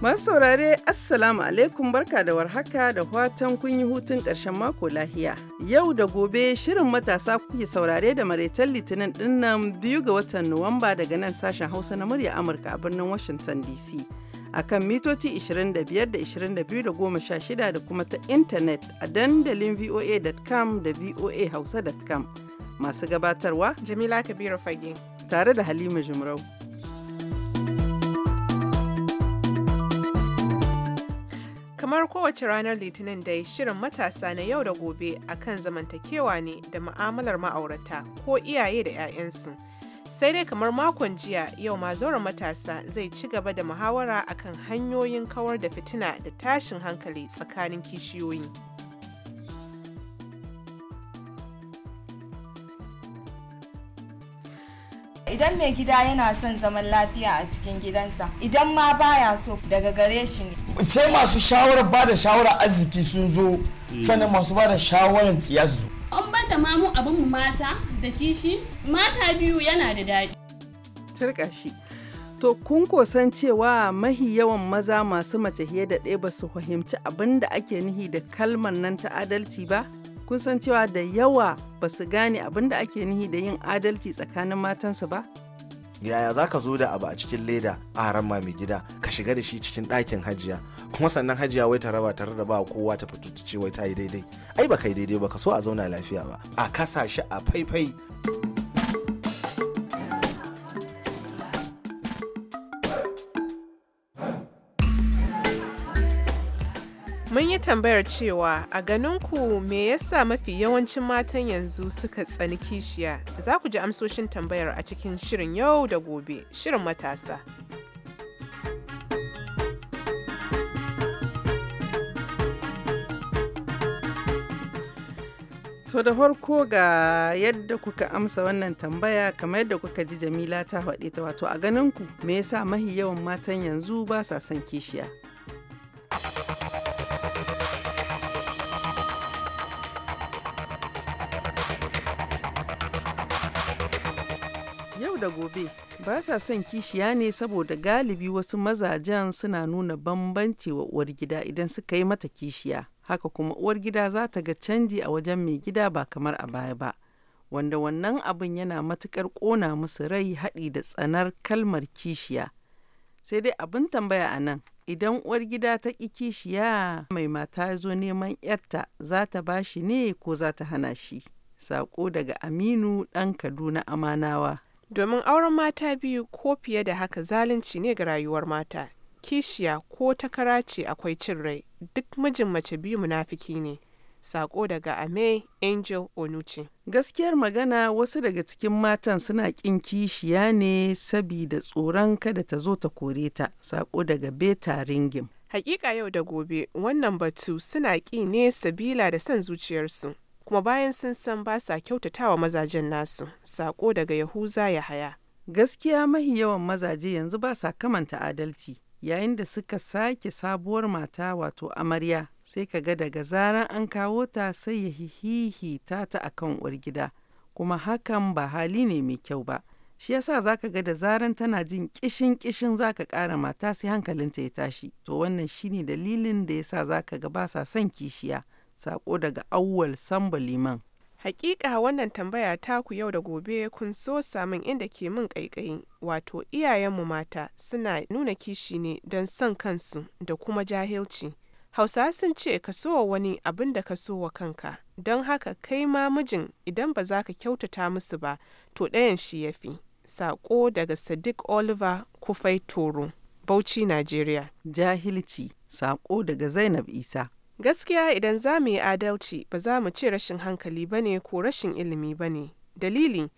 Masu saurare Assalamu alaikum barka da warhaka da watan kun yi hutun ƙarshen mako lahiya. Yau da gobe shirin matasa kuke saurare da maraitar litinin dinnan biyu ga watan Nuwamba daga nan sashen Hausa na murya Amurka a birnin Washington DC. A kan mitoci 25 da 22 da 16 da kuma ta intanet a dandalin voa.com da voahausa.com. Masu gabatarwa Jamila Kabiru Fage. Tare da Halima Jumrau. Kamar kowace ranar Litinin dai shirin matasa na yau da gobe a kan zamantakewa ne da ma'amalar ma'aurata ko iyaye da 'ya'yansu. Sai dai kamar makon jiya yau ma zauren matasa zai ci gaba da muhawara akan hanyoyin kawar da fitina da tashin hankali tsakanin kishiyoyi. idan mai gida yana son zaman lafiya a cikin gidansa idan ma baya so daga gare shi ne sai masu shawarar ba da shawarar arziki sun zo eh. sannan masu ba da shawarar tsiya su an ban da mamu abin mu mata da kishi mata biyu yana da daɗi turka shi to kun kosan cewa mahi yawan maza masu mace da ɗaya ba su fahimci abin da ake nihi da kalmar nan ta adalci ba kun san cewa da yawa ba su gane abin da ake nihi da yin adalci tsakanin matansu ba? Yaya za ka zo da abu a cikin leda a haramma mai gida ka shiga da shi cikin ɗakin hajiya kuma sannan hajiya wai ta raba tare da ba kowa ta fito ta ce wai ta yi daidai ai ba kai daidai ba ka so a zauna lafiya ba a kasa shi a faifai yi tambayar cewa a ganin ku me yasa mafi yawancin matan yanzu suka tsani kishiya za ku ji amsoshin tambayar a cikin shirin yau da gobe shirin matasa. To da farko ga yadda kuka amsa wannan tambaya kamar yadda kuka ji Jamila ta faɗi ta wato a ganinku me yasa mahi yawan matan yanzu ba sa son kishiya. da gobe ba sa son kishiya ne saboda galibi wasu mazajen suna nuna bambanci wa uwar gida idan suka yi mata kishiya haka kuma uwar gida za ta ga canji a wajen mai gida ba kamar a baya ba wanda wannan abin yana matukar ƙona musu rai haɗi da tsanar kalmar kishiya sai dai abin tambaya a nan idan uwar gida ta ƙi kishiya mai mata zo neman yarta za ta ba shi ne ko za ta hana shi sako daga aminu ɗan kaduna amanawa domin auren mata biyu ko fiye da haka zalunci ne ga rayuwar mata kishiya ko takara ce akwai cin rai duk mijin mace biyu munafiki ne sako daga ame angel onuchi gaskiyar magana wasu daga cikin matan suna ƙin kishiya ne sabida tsoron kada ta zo ta kore ta sako daga beta ringim hakika yau da gobe wannan batu suna ƙi ne sabila da son zuciyarsu kuma bayan sun san ba sa kyautatawa mazajen nasu sako daga yahuza ya haya gaskiya mahi yawan mazaje yanzu ba sa kamanta adalci yayin da suka sake sabuwar mata wato amarya sai ka ga daga zaran an kawo ta sai ya hihita ta akan uwar gida kuma hakan ba hali ne mai kyau ba shi yasa zaka ga da zaran tana jin kishin kishin zaka kara mata sai hankalinta ya tashi to wannan shine dalilin da yasa zaka ga ba sa son kishiya Sako daga Auwal Samba Liman. Hakika wannan tambaya taku yau da gobe kun so samun inda ke min ƙaiƙayi, wato iyayenmu mata suna nuna kishi ne don son kansu da kuma jahilci. Hausa sun ce ka so wa wani abin da ka so wa kanka, don haka kai ma mijin idan ba za ka kyautata musu ba, to ɗayan shi ya fi. Sako daga Sadiq Oliver Kufai Toro, Bauchi, Najeriya. Jahilci, sako daga Zainab Isa. Gaskiya idan za mu yi adalci ba za mu ce rashin hankali ba ne ko rashin ilimi ba ne. Dalili,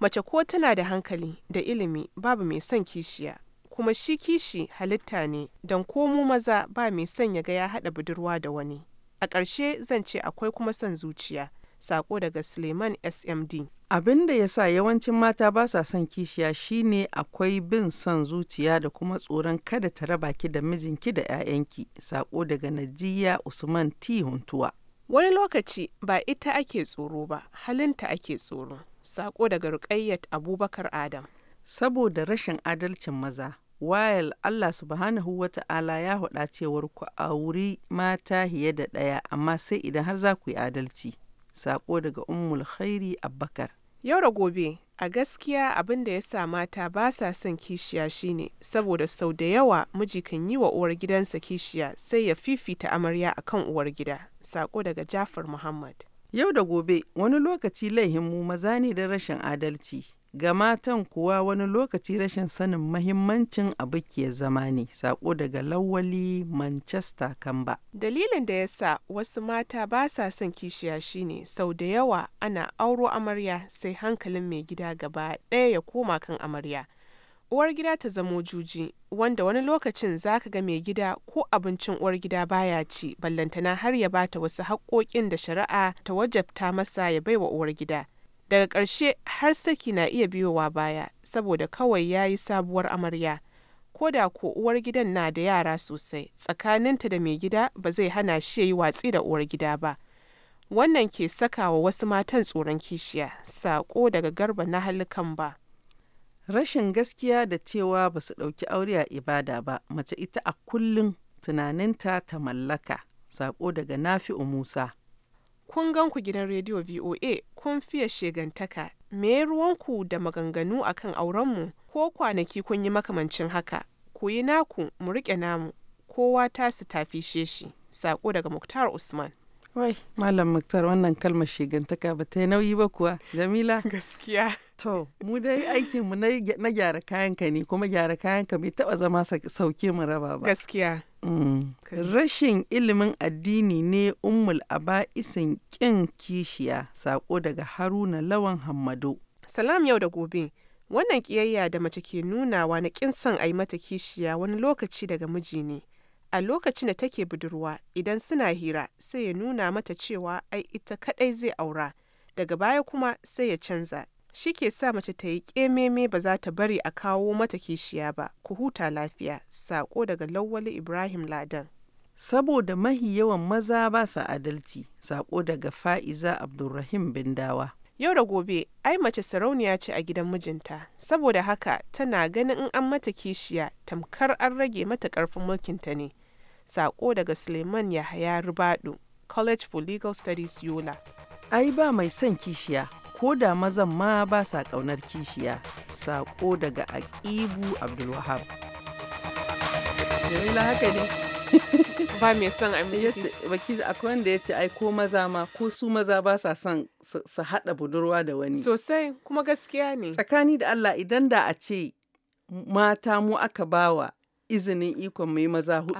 mace ko tana da hankali da ilimi babu mai son kishiya, kuma shi kishi halitta ne don ko mu maza ba mai son ya ga ya haɗa budurwa da wani. A ƙarshe zan ce akwai kuma son zuciya. sako daga Suleiman SMD. Abin da ya sa yawancin mata ba sa son kishiya shine akwai bin son zuciya da kuma tsoron kada ta raba ki da mijinki da 'ya'yanki. Sako daga Najiya Usman T. Huntuwa. Wani lokaci ba ita ake tsoro ba, halinta ake tsoro. Sako daga Rukayyat Abubakar Adam. Saboda rashin adalcin maza, wayal Allah subhanahu wa ta'ala ya haɗa cewar ku auri mata hiye da ɗaya amma sai idan har za ku yi adalci. Sako daga Ummul Khairi Abbakar. Yau da gobe, a gaskiya abin da ya sa mata ba sa son kishiya shine saboda sau da yawa miji kan yi wa uwar gidansa kishiya sai ya fifita amarya akan uwar gida. Sako daga Jafar Muhammad. Yau da gobe, wani lokaci laihin mu maza ne da rashin adalci. Ga matan kuwa wani lokaci rashin sanin mahimmancin abu ke zama ne, sako daga Lawali Manchester Kamba. Dalilin da yasa wasu mata ba sa son kishiya shine sau da yawa ana auro amarya sai hankalin mai gida gaba ɗaya ya koma kan amarya. uwar gida ta zamo juji wanda wani lokacin za ka ga mai gida ko abincin uwar gida baya ci ballantana har ya bata wasu haƙoƙin da shari'a ta wajabta masa ya baiwa uwar gida daga ƙarshe har saki na iya biyowa baya saboda kawai ya yi sabuwar amarya ko da ko uwar gidan na da yara sosai tsakaninta da mai gida ba zai hana shi ya yi watsi da uwar gida ba wannan ke saka wa wasu matan tsoron kishiya saƙo daga garba na halikan ba rashin gaskiya da cewa ba su ɗauki aure a ibada ba mace ita a kullum tunaninta ta mallaka saƙo daga nafi'u musa kun gan ku gidan rediyo VOA kun fiye shegantaka, me ruwanku da maganganu akan aurenmu ko kwanaki kun yi makamancin haka, ku yi naku mu rike namu, kowa tasu tafi sheshi sako daga Muktar Usman. Wai, Malam Muktar wannan kalmar shegantaka ba ta yi nauyi ba kuwa, Jamila. Gaskiya. To, mu dai aikinmu na gyara kayanka ne, kuma gyara kayanka bai taɓa zama sauke mu raba ba. Gaskiya. Rashin ilimin addini ne ummul aba'isin ƙin kishiya, sako daga Haruna Lawan Hammado. Salam yau da gobe. Wannan ƙiyayya da mace ke nunawa na ƙin son a yi mata kishiya wani lokaci daga miji ne. A lokacin da take budurwa, idan suna hira, sai ya nuna mata cewa ai ita kaɗai zai aura. Daga baya kuma sai ya canza, shi ke sa mace ta yi ƙememe ba za ta bari a kawo mata kishiya ba ku huta lafiya sako daga lawwali ibrahim ladan saboda mahi yawan maza ba sa adalci sako daga fa'iza abdulrahim bindawa yau da gobe ai mace sarauniya ce a gidan mijinta saboda haka tana ganin in an mata kishiya tamkar an rage mata karfin mulkinta ne sako daga suleiman yahaya Rubadu, college for legal studies yola ai ba mai son kishiya ko da mazan ma ba sa ƙaunar kishiya sako daga aqibu abdulwahab haka ne ba mai son a baki akwai wanda ya ce ai ko maza ma ko su maza ba sa son su haɗa budurwa da wani sosai kuma gaskiya ne tsakani da Allah idan da a ce mata mu aka bawa izinin ikon mai maza hudu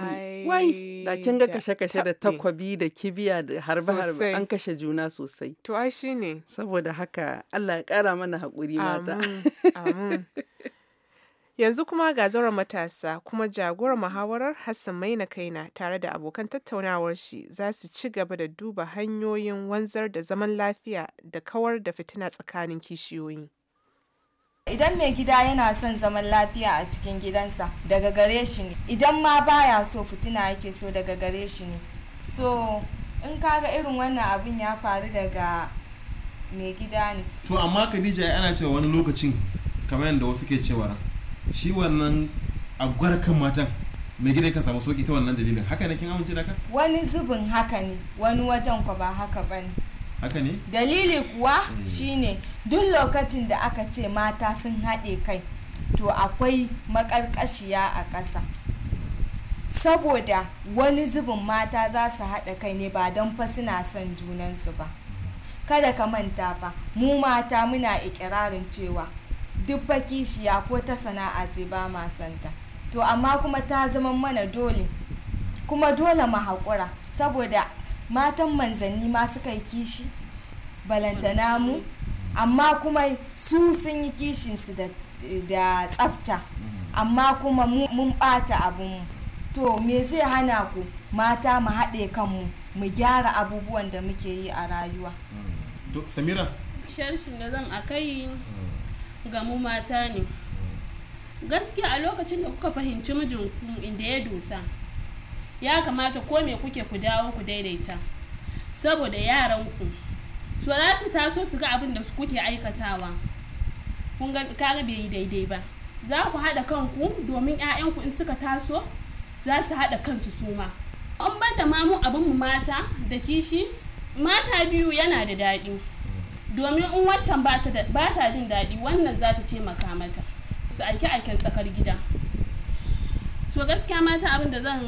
wai da kin kashe-kashe da takwabi da kibiya da harba harba an kashe juna sosai to ai shine saboda haka Allah ya kara mana hakuri mata yanzu kuma ga zauren matasa kuma jagorar muhawarar Hassan Maina Kaina tare da abokan tattaunawar shi za su ci gaba da duba hanyoyin wanzar da zaman lafiya da kawar da fitina tsakanin kishiyoyi idan mai gida yana son zaman lafiya a cikin gidansa daga gare shi ne idan ma baya so fitina yake so daga gare shi ne so in kaga irin wannan abin ya faru daga mai gida ne to amma khadija ana cewa wani lokacin kamar yadda wasu ke cewa shi wannan agwar kan matan mai gida kan samu sauki ta wannan dalilin haka ne kin amince da ka wani zubin haka ne wani wajen kwa ba haka bane dalili kuwa mm. shine duk lokacin da aka ce mata sun haɗe kai to akwai maƙarƙashiya a ƙasa saboda wani zubin mata za su haɗa kai ne ba don fa suna son junansu ba kada ka manta fa mu mata muna ikirarin cewa duk fa kishiya ko ta sana'a ce ba ma santa to amma kuma ta zama mana dole kuma dole mu haƙura saboda matan manzanni ma suka yi kishi balantana mu amma kuma su sun yi kishinsu da tsafta amma kuma mun ɓata abinmu to me zai hana ku mata mu haɗe kanmu mu gyara abubuwan da muke yi a rayuwa samira sharshin da zan akai hmm. ga mu mata ne gaskiya a lokacin da kuka fahimci mijinku inda ya dosa ya kamata ko me kuke ku dawo ku daidaita saboda yaranku so za su taso su ga abin da kuke aikatawa kun ga kaga bai daidai ba za ku haɗa kanku domin 'ya'yanku in suka taso za su haɗa kansu su ma an ban da mamu abin mu mata da kishi mata biyu yana da daɗi domin in waccan ba ta jin daɗi wannan za ta taimaka mata su aiki aiken tsakar gida to gaskiya mata abin da zan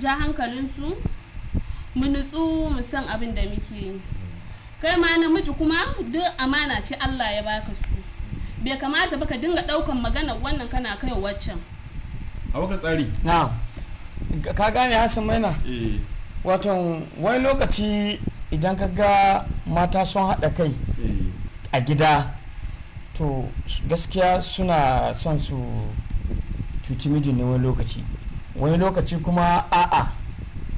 ja hankalin su mu nutsu mu san abin da muke yi kai ma namiji kuma duk amana ce Allah ya baka su bai kamata ba ka dinga daukan magana wannan kana kai waccan a waka tsari na ka gane hasan maina eh. wato wani lokaci idan ka ga mata sun haɗa kai eh. a gida to gaskiya suna son su cuci mijin ne wani lokaci wani lokaci kuma a'a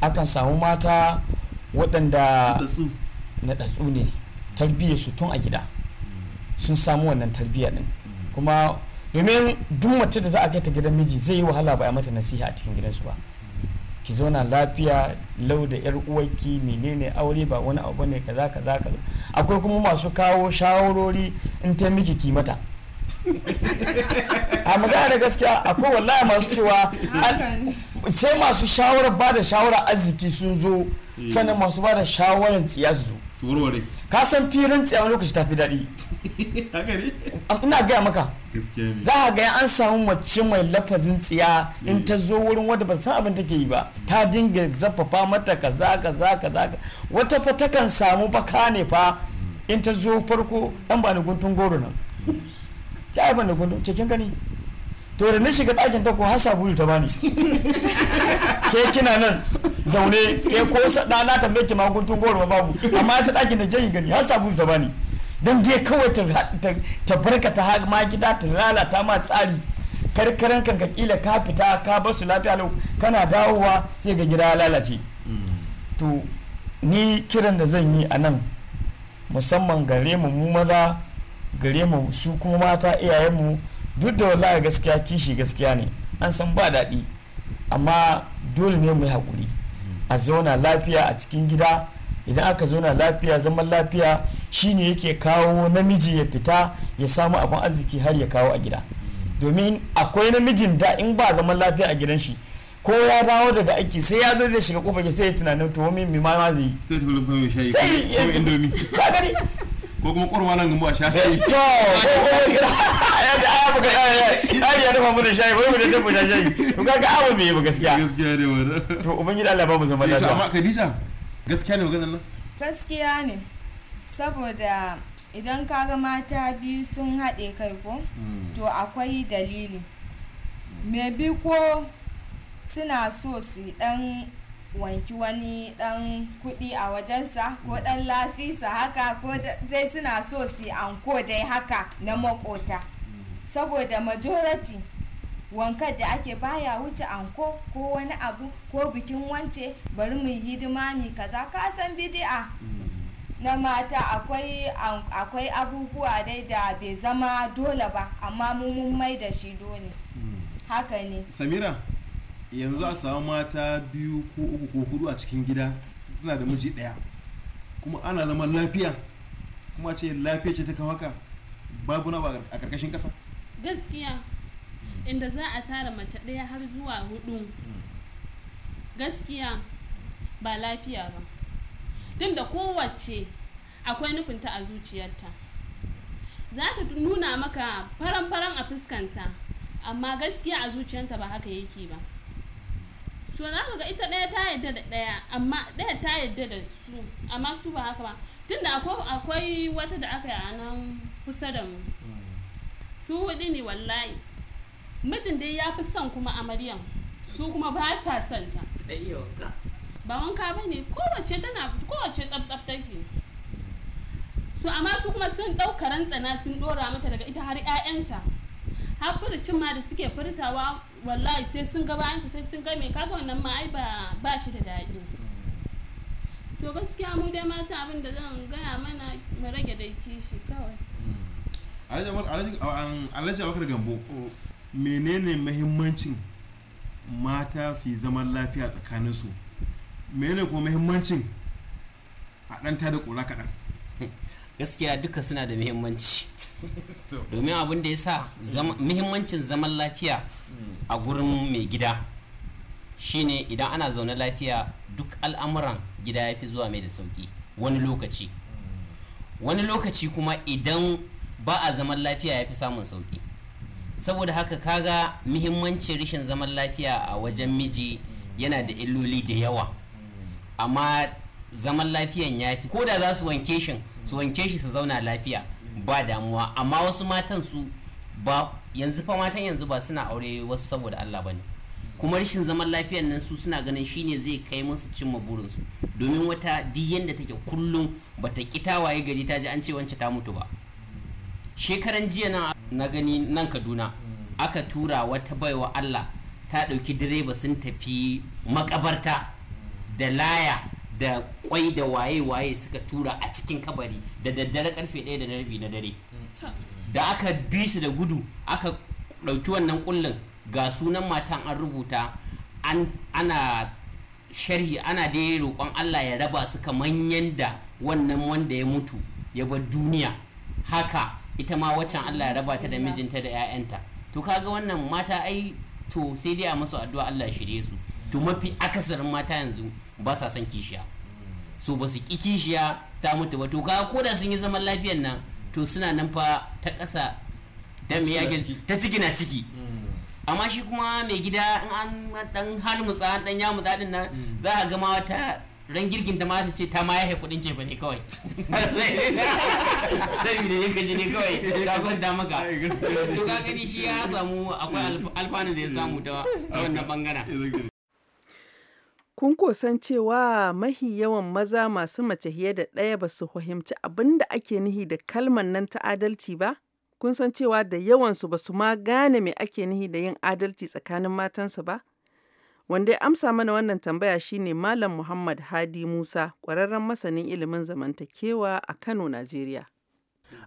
akan samu mata waɗanda na ɗatsu ne su tun a gida sun samu wannan tarbiyya din kuma domin duk mace da za a kai ta gidan miji zai yi wahala ba a mata nasiha a cikin gidansu ba ki zauna lafiya lau da yar uwarki menene aure ba wani abu ne kaza kaza akwai kuma masu kawo shawarori in ta miki ki mata a magana da gaskiya akwai wallahi masu cewa sai masu shawarar ba da shawarar arziki sun zo eh. sannan masu ba da shawarar tsiya su zo ka san firin tsiya wani lokaci tafi daɗi ina gaya maka za a ga an samu mace mai lafazin tsiya in eh. ta zo wurin wadda ba san abin take yi ba ta dinga zaffafa mata ka za ka wata fa takan samu baka ne fa in ta zo farko dan ba ni guntun goro nan ta aifan da gundu cikin gani to da na shiga ɗakin ta ko har sabulu ta bani ke kina nan zaune ke ko na tambaye ki ma guntun goro babu amma ta ɗakin da je gani har sabulu ta bani don je kawai ta barka ta ma gida ta lalata ma tsari karkaran kan kila ka fita ka bar su lafiya lau kana dawowa sai ga gida lalace to ni kiran da zan yi a nan musamman gare mu mu maza gare mu su kuma mata iyayen mu duk da wallahi gaskiya kishi gaskiya ne an san ba daɗi amma dole ne mu yi haƙuri a zauna lafiya a cikin gida idan aka zauna lafiya zaman lafiya shine yake kawo namiji ya fita ya samu abin arziki har ya kawo a gida domin akwai namijin da in ba zaman lafiya a gidan shi ko ya dawo daga aiki sai ya zo zai shiga kofar sai ya tunanin to mi ma zai yi sai ya ko kuma kwarwa nan gumba sha eh, to ko to gaskiya ne wannan eh, gaskiya ne saboda idan kaga mata biyu sun haɗe kai ko hmm. to akwai dalili me bi ko suna so su dan wanki wani dan kudi a wajensa ko dan mm. lasisa haka ko dai suna so su anko dai haka na makota mm. saboda majority wankar da ake baya wuce anko ko wani abu ko bikin wance bari mu hidima mi kaza ka san bidi'a mm. na mata akwai akwai abubuwa dai da bai zama dole ba amma mu mun mai da shi dole haka ne samira yanzu a samu mata biyu ko uku ko hudu a cikin gida suna da miji daya kuma ana zaman lafiya kuma ce lafiya ce ta kawo haka babu na a karkashin kasa gaskiya inda za a tara mace daya har zuwa hudu gaskiya ba lafiya ba tun da kowace akwai nufinta a zuciyarta za ta nuna maka faran-faran a fuskanta amma gaskiya a zuciyarta ba haka yake ba to za ga ita ɗaya ta yarda da ɗaya amma ɗaya ta yarda da su amma su ba haka ba tunda akwai wata da aka yi a nan kusa da mu su hudu ne wallahi mijin dai ya fi son kuma amaryan su kuma ba sa son ta ba wanka ba ne kowace tana kowace tsaf take su amma su kuma sun ɗauka rantsana sun ɗora mata daga ita har 'ya'yanta har furicin ma da suke furtawa wallahi sai sun ga bayan sai sun ga mai kaga wannan ma ai ba shi da daɗi so gaskiya mu dai mata abin da zan gaya mana mu rage da kishi kawai hmm. alhaji abakar gambo hmm. menene muhimmancin mata su yi zaman lafiya tsakaninsu menene kuma muhimmancin a ɗan da ƙura kaɗan gaskiya duka suna da muhimmanci domin abin da ya sa muhimmancin zaman lafiya hmm. a gurin mai gida shine idan ana zaune lafiya duk al'amuran gida ya fi zuwa mai da sauƙi wani lokaci wani lokaci kuma idan ba a zaman lafiya ya fi samun sauƙi saboda haka kaga muhimmancin rashin zaman lafiya a wajen miji yana da illoli da yawa amma zaman lafiyan ya fi ko da za su wanke shi su wanke shi su zauna lafiya ba damuwa amma wasu matan su ba yanzu fa matan yanzu ba suna aure wasu saboda Allah bane kuma rashin zaman lafiyan nan su suna ganin shine zai kai musu cimma burinsu domin wata diyan da take kullum bata ki waye gari ta ji an ce wance ta mutu ba shekaran jiya nan na gani nan Kaduna aka tura wata baiwa Allah ta dauki direba sun tafi makabarta da laya da kwai da waye-waye suka tura a cikin kabari da daddare karfe ɗaya da rabi na dare da aka bi su da gudu aka ɗauki wannan kullin ga sunan matan an rubuta ana sharhi ana dai roƙon Allah ya raba su kamar yanda wannan wanda ya mutu ya bar duniya haka ita ma waccan Allah ya raba ta da mijinta da 'ya'yanta to kaga wannan mata ai to sai dai a masu addu'a Allah shirye su to mafi akasarin mata yanzu ba sa son kishiya so ba su ki kishiya ta mutu ba to kaga ko da sun yi zaman lafiyan nan to suna nan fa ta ƙasa dan me ta ciki na ciki hmm. amma shi kuma mai gida in an dan halmutsa dan ya mutsa din nan hmm. za a gama wata ran girkin ta mata ce ta ma yahe kudin ce bane kawai sai ne ji ne kawai ta kwanta maka to ka gani shi ya samu akwai alfanu da ya samu ta wannan bangaren Kun kusan cewa mahi yawan maza masu mace fiye da ɗaya ba su fahimci abin da ake nihi da kalmar nan ta adalci ba? Kun san cewa da yawansu ba su ma gane me ake nihi da yin adalci tsakanin matansu ba? Wanda ya amsa mana wannan tambaya shine Malam Muhammad Hadi Musa, ƙwararren masanin ilimin zamantakewa a Kano, Najeriya.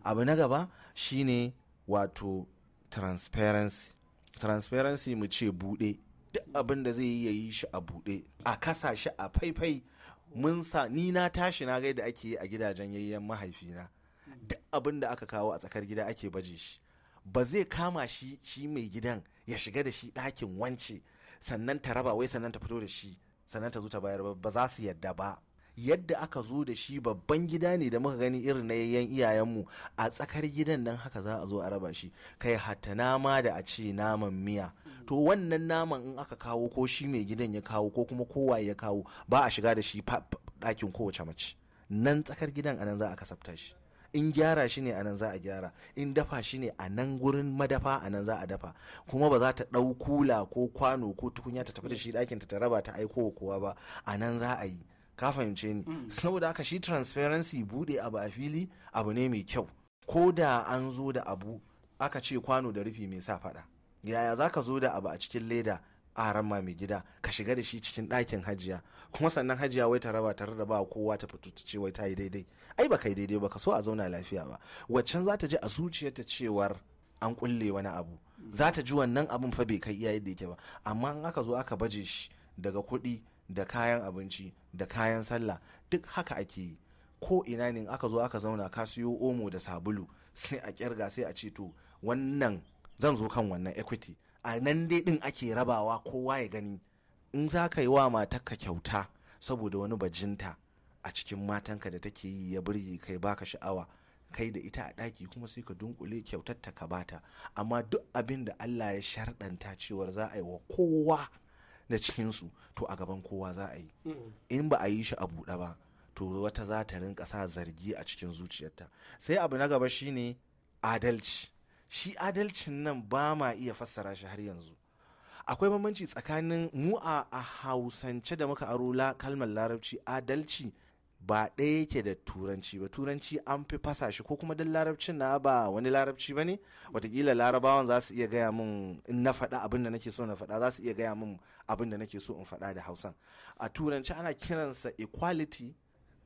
Abu na gaba shine wato transparency. Transparency mu ce buɗe. duk abin da zai yi ya yi shi a buɗe a kasa shi a faifai mun sa ni na tashi na gaida ake yi a gidajen yayyen mahaifina duk abin da aka kawo a tsakar gida ake baje shi ba zai kama shi shi mai gidan ya shiga da shi ɗakin wance sannan ta raba wai sannan ta fito da shi sannan ta zo ta bayar ba za su yadda ba yadda aka zo da shi babban gida ne da muka gani irin na yayyan iyayenmu a tsakar gidan nan haka za a zo a raba shi kai hatta nama da a ce naman miya to wannan naman in aka kawo ko shi mai gidan ya kawo ko kuma kowa ya kawo ba a shiga da shi ɗakin kowace mace nan tsakar gidan anan za a kasafta shi in gyara shi ne anan za a gyara in dafa shi ne a nan gurin madafa anan za a dafa kuma ba za ta ɗau kula ko kwano ko tukunya ta tafi da shi ɗakin ta raba ta aiko kowa ba anan za a yi ka fahimce ni mm. saboda haka shi transparency bude abu a fili abu ne mai kyau ko da an zo da abu aka ce kwano da rufi mai sa faɗa yaya za ka zo da abu a cikin leda a harama mai gida ka shiga da shi cikin ɗakin hajiya kuma sannan hajiya wai ta raba ta rarraba kowa ta fito ta ce wai ta yi daidai ai ba yi daidai ba ka so a zauna lafiya ba waccan za ta ji a zuciyarta cewar an kulle wani abu za ta ji wannan abun fa bai kai iya yadda yake ba amma in aka zo aka baje shi daga kuɗi da kayan abinci da kayan sallah duk haka ake yi ko ina ne aka zo aka zauna ka siyo omo da sabulu sai a kirga sai a ce to wannan zan zo kan wannan equity a nan dai din ake rabawa kowa ya gani in za ka yi wa matarka kyauta saboda wani bajinta a cikin matanka da take yi ya birge kai baka sha'awa kai da ita a ɗaki kuma sai ka dunkule kyautar ta ka bata amma duk abin da Allah ya sharɗanta cewar za a yi wa kowa da cikinsu to a gaban kowa za a yi in ba a yi shi a buɗe ba to wata za ta rinka sa zargi a cikin zuciyarta sai abu na gaba shine adalci shi adalcin nan ba ma iya fassara shi har yanzu akwai bambanci tsakanin mu a hausance da muka aro kalmar larabci adalci ba ɗaya yake da turanci ba turanci an fi fasa shi ko kuma don larabcin na ba wani larabci ba ne watakila larabawan za su iya gaya min in na faɗa abin da nake so na faɗa za su iya gaya min abin da nake so in faɗa da hausan a turanci ana kiransa equality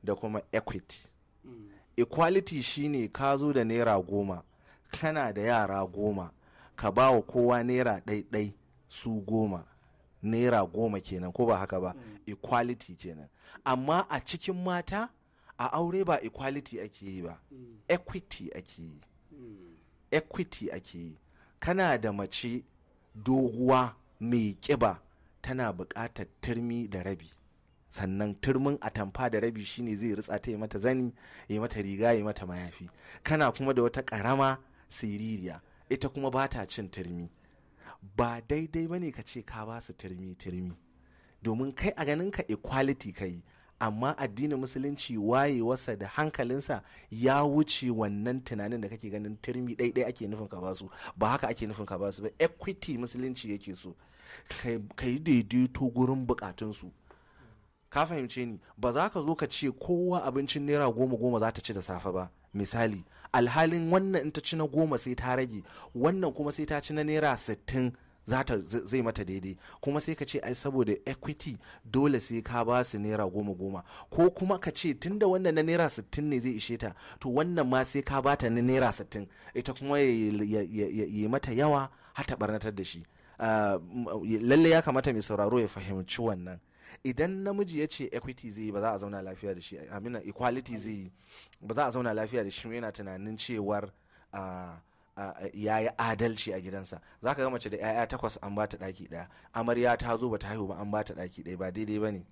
da kuma equity mm. equality shine ka zo da naira goma kana da yara goma ka ba wa kowa naira ɗaiɗai su goma naira goma kenan ko ba haka ba mm. equality kenan amma a cikin mata a aure ba equality ake yi ba mm. equity ake yi mm. equity ake yi kana da mace doguwa mai ƙiba tana buƙatar turmi da rabi sannan turmin atamfa da rabi shine zai ritsa ta yi mata zani ya mata riga ya mata mayafi kana kuma da wata ƙarama siririya ita kuma ba ta cin turmi ba daidai bane ka ce ka ba su turmi turmi domin kai a ganin ka equality ka yi amma addinin musulunci wayewarsa da hankalinsa ya wuce wannan tunanin da kake ganin turmi ɗaiɗai ake nufin ka basu ba haka ake nufin ka basu ba equity musulunci yake so ka yi daidaito gurin bukatunsu ka fahimce ni ba za ka zo ka ce kowa abincin naira goma goma za ta ci da safe ba misali alhalin wannan in ta ci na goma sai ta rage wannan kuma sai ta ci na naira sittin zata zai mata daidai kuma sai ka ce ai saboda equity dole sai ka ba su naira goma goma ko kuma ka ce tunda wannan na naira sittin ne zai ishe ta to wannan ma sai ka bata na naira sittin ita kuma ya mata yawa har ta barnatar da shi ah, lallai ya kamata mai sauraro ya fahimci wannan idan namiji ya ce equity zai ba za a zauna lafiya da shi amina equality zai ba za a zauna lafiya da shi yana tunanin cewar ya yi adalci a gidansa za ka ga mace da 'ya'ya takwas an ba ta ɗaki ɗaya amarya ta zo ba ta haihu ba an ba ta ɗaki ɗaya ba daidai ba ne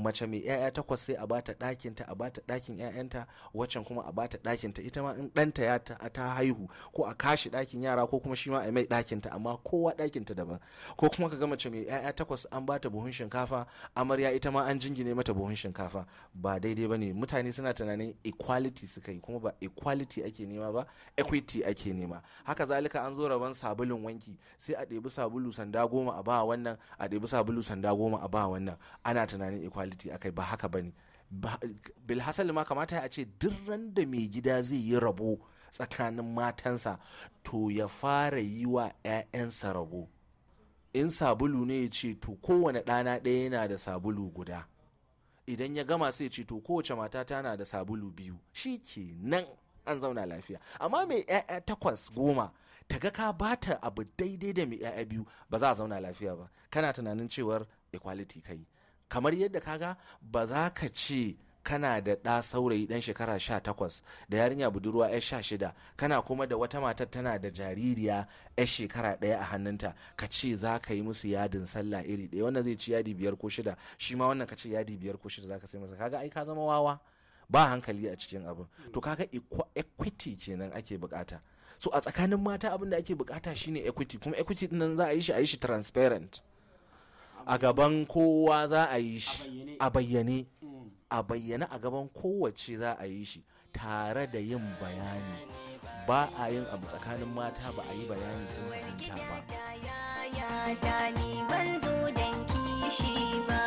mace mai 'ya'ya takwas sai a bata ɗakinta a bata ɗakin 'ya'yanta waccan kuma a bata ɗakinta ita ma in ɗanta ya ta haihu ko a kashi ɗakin yara ko kuma shi ma a mai ɗakinta amma kowa ɗakinta daban ko kuma ka ga mace mai 'ya'ya takwas an bata buhun shinkafa amarya ita ma an jingine mata buhun shinkafa ba daidai ba ne mutane suna tunanin equality suka yi kuma ba equality ake nema ba equity ake nema haka zalika an zo rabon sabulun wanki sai a ɗebi sabulu sanda goma a ba wannan a ɗebi sabulu sanda goma a ba wannan ana tunanin equality reality akai ba haka bane bilhassali ma kamata a ce duk da mai gida zai yi rabo tsakanin matansa to ya fara yi wa 'ya'yansa rabo in sabulu ne ya ce to kowane ɗana ɗaya yana da sabulu guda idan ya gama sai ce to kowace mata tana da sabulu biyu shi ke nan an zauna lafiya amma mai 'ya'ya takwas goma ta ga ka bata abu daidai da mai 'ya'ya biyu ba za a zauna lafiya ba kana tunanin cewar equality kai kamar yadda kaga ba za ka ce kana da ɗa saurayi ɗan shekara sha takwas da yarinya budurwa 'yar sha shida kana kuma da wata matar tana da jaririya 'yar shekara ɗaya a hannunta ka ce za ka yi musu yadin sallah iri ɗaya wannan zai ci yadi biyar ko shida shi ma wannan ka ce yadi biyar ko shida za ka sai masa kaga ai ka zama wawa ba hankali a cikin abin to kaga equity kenan ake bukata so a tsakanin mata abin da ake bukata shine equity kuma equity din nan za a yi shi a yi shi transparent a gaban kowa za a yi shi a bayyane mm. a bayyane a gaban kowace za a yi shi tare da yin bayani ba a yin abu tsakanin mata ba a yi bayani sun fahimta ba.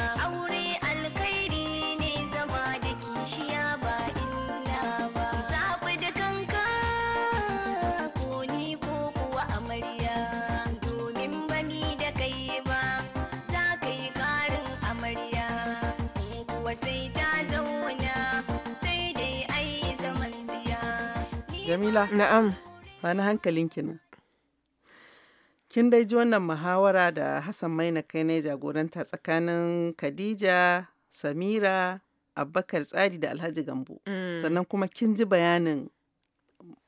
Jamila. Na'am. Ba hankalin kina Kin dai ji wannan muhawara da Hassan Maina kai ne jagoranta tsakanin Khadija, Samira, Abubakar Tsari da Alhaji Gambo. Mm. Sannan kuma kin ji bayanin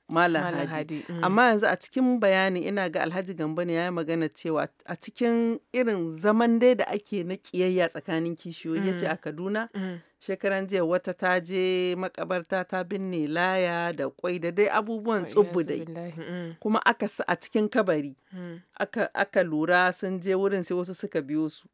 Malam Hadi. Mm. Amma yanzu a cikin bayani ina ga Alhaji Gambo ne ya yi magana cewa a cikin irin zaman dai da ake na ƙiyayya tsakanin kishiyoyi mm. ya ce mm. a Kaduna. Mm. Shekaran jiya wata ta je makabarta ta binne laya da kwai da dai abubuwan tsubu dai. Kuma aka a cikin kabari. Aka, lura sun je wurin sai wasu suka biyo su.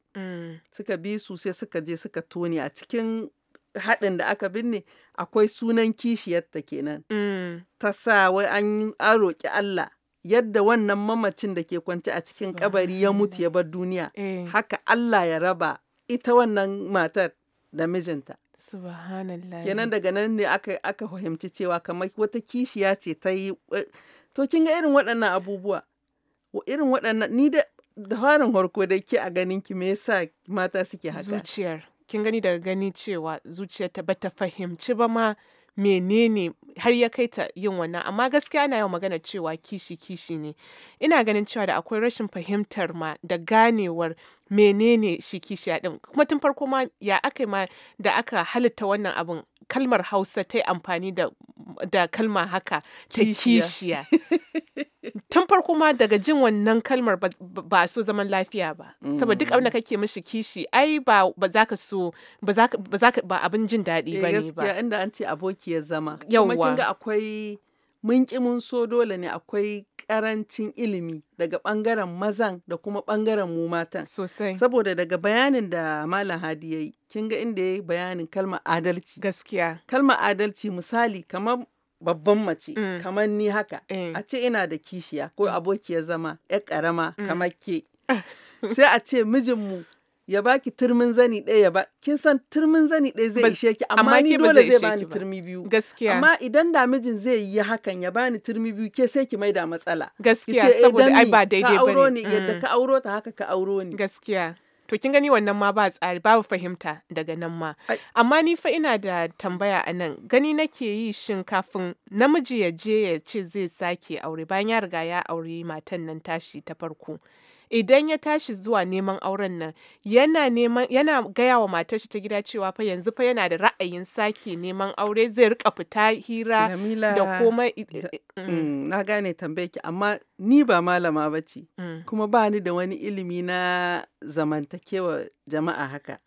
Suka bi su sai suka je suka tone a cikin haɗin da aka binne akwai sunan kishiyarta kenan mm. ta sa wai an roƙi Allah yadda wannan mamacin da ke kwance a cikin kabari ya mutu ya bar duniya eh. haka Allah ya raba ita wannan matar da mijinta subhanallah kenan daga nan ne aka aka fahimci cewa kamar wata kishiya ce ta yi eh, to kin ga irin waɗannan abubuwa irin waɗannan ni da farin harko da ke a ganin ki me yasa mata suke haka zuciyar kin gani daga gani cewa zuciyarta bata fahimci ba ma menene har ya kai ta yin wannan amma gaskiya ana yawan magana cewa kishi kishi ne ina ganin cewa da akwai rashin fahimtar ma da ganewar menene shi kishiya din kuma tun farko ma ya aka ma da aka halitta wannan abin kalmar hausa ta yi amfani da, kalma haka ta kishiya tun farko ma daga jin wannan kalmar ba so zaman lafiya ba saboda duk abin da mm. kake mishi kishi ai ba za ka so ba abin jin daɗi eh, ba ne ba inda zama yawwa kuma kin ga akwai mun ki mun so dole ne akwai karancin ilimi daga ɓangaren mazan da kuma ɓangaren mu matan. Sosai. Saboda daga bayanin da Malam Hadi ya yi, kin ga inda ya yi bayanin kalma adalci. Gaskiya. Kalma adalci misali kamar babban mace mm. kamar ni haka mm. a ce ina da kishiya ko mm. abokiyar zama 'yar ƙarama mm. kamar ke sai a ce mijinmu ya baki turmin zani ɗaya ya ba kin san turmin zani ɗaya zai ishe ki amma ni dole zai bani turmi biyu gaskiya amma idan da mijin zai yi hakan ya bani turmi biyu ke sai ki maida matsala gaskiya eh, saboda ai ba daidai bane ka auro ni yadda mm. ka auro ta haka ka auro ni gaskiya to kin gani wannan ma ba tsari babu fahimta daga nan ma amma ni fa ina da tambaya a nan gani nake yi shin kafin namiji ya je ya ce zai sake aure bayan ya riga ya aure matan nan tashi ta farko idan ya tashi zuwa neman auren nan yana gaya wa matar shi ta gida cewa fa yanzu fa yana da ra'ayin sake neman aure zai rika fita hira da komai mm. Mm, na gane tambaye amma ni ba malama bace mm. kuma ba ni da wani ilimi na zamantakewa jama'a haka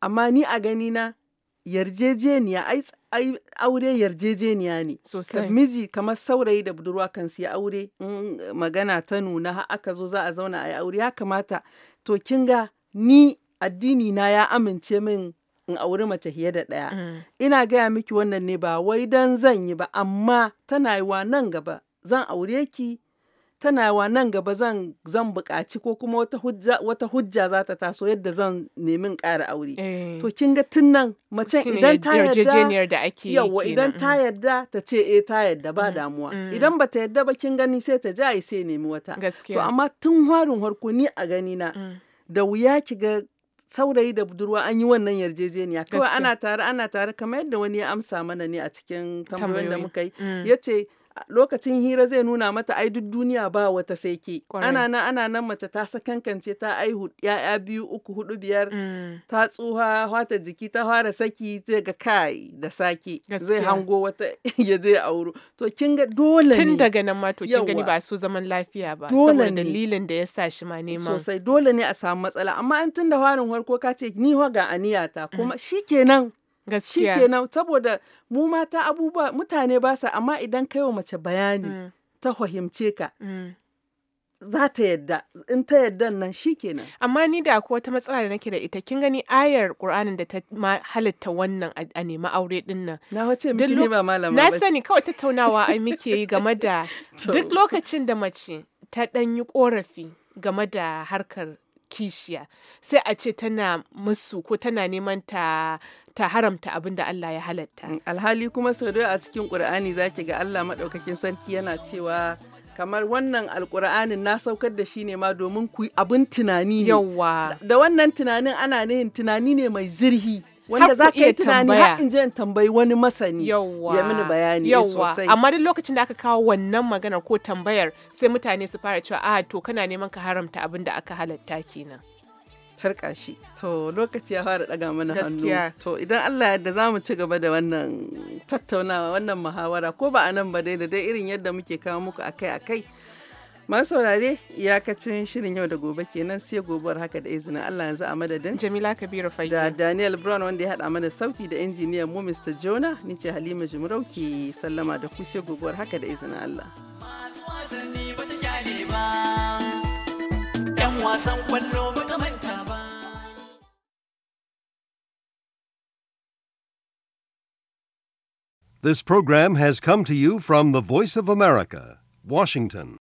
amma ni a gani na yarjejeniya ai aure yarjejeniya ne sosai miji kamar saurayi da budurwa kan siya aure magana ta nuna har aka zo za a zauna a aure ya kamata to kin ga ni addini na ya amince min in auri mace fiye da ɗaya mm. ina gaya miki wannan ne ba wai dan zan yi ba amma tana yiwa nan gaba zan aure ki wa nan gaba zan zan buƙaci ko kuma wata hujja wata hujja za ta taso yadda zan nemin ƙara aure eh. to kin ga tun nan mace idan ta yarda yawa idan ta mm. yarda ta ce eh ta yarda ba mm, damuwa mm. idan ba ta yarda ba kin gani sai ta ja sai nemi wata to amma tun harin harko ni a gani na da wuya ki ga saurayi da budurwa an yi wannan yarjejeniya kawai ana tare ana tare kamar yadda wani ya amsa mana ne a cikin tambayoyin da muka yi yace lokacin hira zai nuna mata ai duk duniya ba wata sai ke ana nan ana nan mace ta sakankance ta aihu ya'ya biyu uku hudu biyar mm. ta tsuha wata jiki ta fara saki zai ga kai da saki zai hango wata ya je auro to kin ga dole ne tun daga nan ma to kin gani ba su zaman lafiya ba saboda dalilin da ya sa shi ma neman sosai dole ne a samu matsala amma an tun da farin farko ka ce ni ga aniyata kuma mm. shikenan gaskiya kenan saboda mu mata abubuwa mutane ba sa amma idan kai wa mace bayani mm. ta fahimce ka mm. za ta yadda in ta yadda nan kenan. amma ni da akwai wata matsala da nake da ita kin gani ayar qur'anin da ta halitta wannan a nemi aure din nan na wace miki ne ba malama na sani kawai tattaunawa ai muke yi game da duk lokacin da mace ta dan yi korafi game da harkar kishiya sai a ce tana musu ko tana neman ta ta haramta abin da Allah ya halatta mm, alhali kuma sau a cikin Qur'ani zaki ga Allah maɗaukakin sarki yana cewa kamar wannan alƙur'anin na saukar da shi ne ma domin ku abin tunani ne da wannan tunanin ana nihin tunani ne mai zirhi wanda za ka yi tunani har in je tambayi wani masani ya mini bayani sosai amma duk lokacin da aka kawo wannan magana ko tambayar sai mutane su fara cewa a ah, to kana neman ka haramta abin da aka halatta kenan tarka shi to lokaci ya fara daga mana hannu to idan Allah yadda za mu ci gaba da wannan tattaunawa wannan muhawara ko ba a nan ba dai da dai irin yadda muke kawo muku akai-akai saurare shirin yau da gobe kenan sai gobar haka da izinin Allah yanzu a madadin Jamila Kabiru da Daniel Brown wanda ya haɗa mana sauti da injiniyan mu Mr. ni ce Halima sallama da ku sai gobar haka da izinin Allah masu wasanni ba ta kyale ba wasan kwallo ba ta manta ba This program has come to you from the Voice of America, Washington.